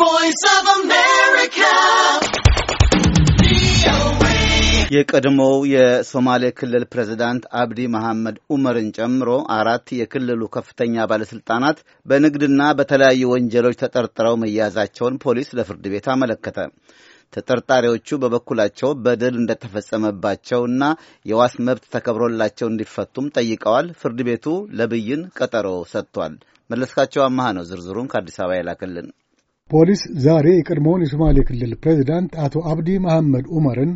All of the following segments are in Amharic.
voice of America. የቀድሞው የሶማሌ ክልል ፕሬዝዳንት አብዲ መሐመድ ኡመርን ጨምሮ አራት የክልሉ ከፍተኛ ባለስልጣናት በንግድና በተለያዩ ወንጀሎች ተጠርጥረው መያዛቸውን ፖሊስ ለፍርድ ቤት አመለከተ። ተጠርጣሪዎቹ በበኩላቸው በደል እንደተፈጸመባቸውና የዋስ መብት ተከብሮላቸው እንዲፈቱም ጠይቀዋል። ፍርድ ቤቱ ለብይን ቀጠሮ ሰጥቷል። መለስካቸው አመሃ ነው ዝርዝሩን ከአዲስ አበባ የላከልን። ፖሊስ ዛሬ የቀድሞውን የሶማሌ ክልል ፕሬዚዳንት አቶ አብዲ መሐመድ ዑመርን፣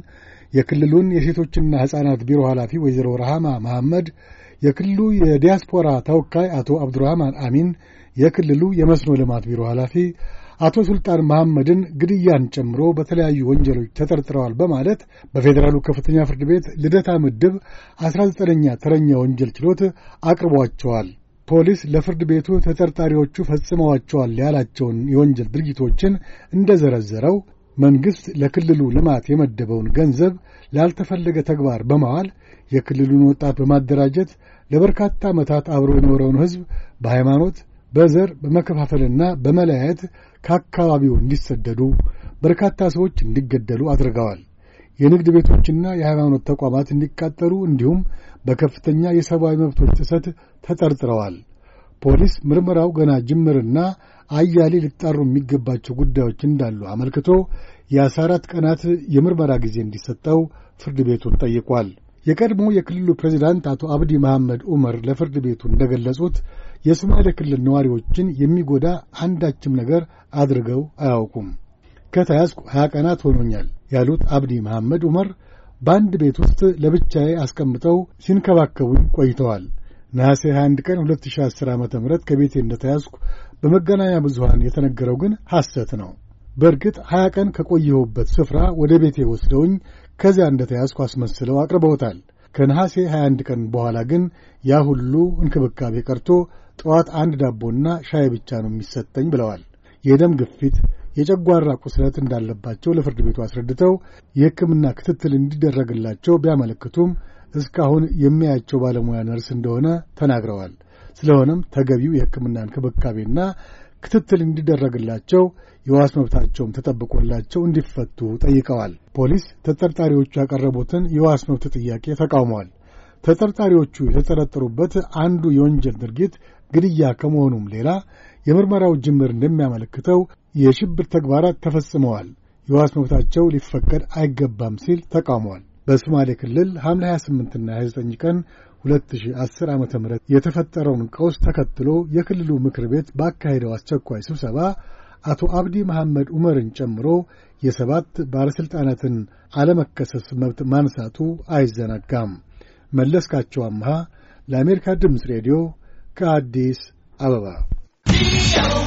የክልሉን የሴቶችና ሕፃናት ቢሮ ኃላፊ ወይዘሮ ረሃማ መሐመድ፣ የክልሉ የዲያስፖራ ተወካይ አቶ አብዱራህማን አሚን፣ የክልሉ የመስኖ ልማት ቢሮ ኃላፊ አቶ ሱልጣን መሐመድን ግድያን ጨምሮ በተለያዩ ወንጀሎች ተጠርጥረዋል በማለት በፌዴራሉ ከፍተኛ ፍርድ ቤት ልደታ ምድብ 19ኛ ተረኛ ወንጀል ችሎት አቅርቧቸዋል። ፖሊስ ለፍርድ ቤቱ ተጠርጣሪዎቹ ፈጽመዋቸዋል ያላቸውን የወንጀል ድርጊቶችን እንደዘረዘረው መንግሥት ለክልሉ ልማት የመደበውን ገንዘብ ላልተፈለገ ተግባር በማዋል የክልሉን ወጣት በማደራጀት ለበርካታ ዓመታት አብሮ የኖረውን ሕዝብ በሃይማኖት፣ በዘር በመከፋፈልና በመለያየት ከአካባቢው እንዲሰደዱ በርካታ ሰዎች እንዲገደሉ አድርገዋል። የንግድ ቤቶችና የሃይማኖት ተቋማት እንዲቃጠሉ እንዲሁም በከፍተኛ የሰብአዊ መብቶች ጥሰት ተጠርጥረዋል። ፖሊስ ምርመራው ገና ጅምርና አያሌ ሊጣሩ የሚገባቸው ጉዳዮች እንዳሉ አመልክቶ የአስራ አራት ቀናት የምርመራ ጊዜ እንዲሰጠው ፍርድ ቤቱን ጠይቋል። የቀድሞ የክልሉ ፕሬዚዳንት አቶ አብዲ መሐመድ ዑመር ለፍርድ ቤቱ እንደገለጹት የሶማሌ ክልል ነዋሪዎችን የሚጎዳ አንዳችም ነገር አድርገው አያውቁም። ከተያዝኩ ሀያ ቀናት ሆኖኛል ያሉት አብዲ መሐመድ ዑመር በአንድ ቤት ውስጥ ለብቻዬ አስቀምጠው ሲንከባከቡኝ ቆይተዋል። ነሐሴ 21 ቀን 2010 ዓ ም ከቤቴ እንደተያዝኩ በመገናኛ ብዙሃን የተነገረው ግን ሐሰት ነው። በእርግጥ 20 ቀን ከቆየሁበት ስፍራ ወደ ቤቴ ወስደውኝ ከዚያ እንደተያዝኩ አስመስለው አቅርበውታል። ከነሐሴ 21 ቀን በኋላ ግን ያ ሁሉ እንክብካቤ ቀርቶ ጠዋት አንድ ዳቦና ሻይ ብቻ ነው የሚሰጠኝ ብለዋል። የደም ግፊት የጨጓራ ቁስለት እንዳለባቸው ለፍርድ ቤቱ አስረድተው የሕክምና ክትትል እንዲደረግላቸው ቢያመለክቱም እስካሁን የሚያያቸው ባለሙያ ነርስ እንደሆነ ተናግረዋል። ስለሆነም ተገቢው የሕክምና እንክብካቤና ክትትል እንዲደረግላቸው የዋስ መብታቸውም ተጠብቆላቸው እንዲፈቱ ጠይቀዋል። ፖሊስ ተጠርጣሪዎቹ ያቀረቡትን የዋስ መብት ጥያቄ ተቃውመዋል። ተጠርጣሪዎቹ የተጠረጠሩበት አንዱ የወንጀል ድርጊት ግድያ ከመሆኑም ሌላ የምርመራው ጅምር እንደሚያመለክተው የሽብር ተግባራት ተፈጽመዋል፣ የዋስ መብታቸው ሊፈቀድ አይገባም ሲል ተቃውሟል። በሶማሌ ክልል ሐምሌ 28ና 29 ቀን 2010 ዓ ም የተፈጠረውን ቀውስ ተከትሎ የክልሉ ምክር ቤት ባካሄደው አስቸኳይ ስብሰባ አቶ አብዲ መሐመድ ዑመርን ጨምሮ የሰባት ባለሥልጣናትን አለመከሰስ መብት ማንሳቱ አይዘነጋም። መለስካቸው አምሃ ለአሜሪካ ድምፅ ሬዲዮ ከአዲስ አበባ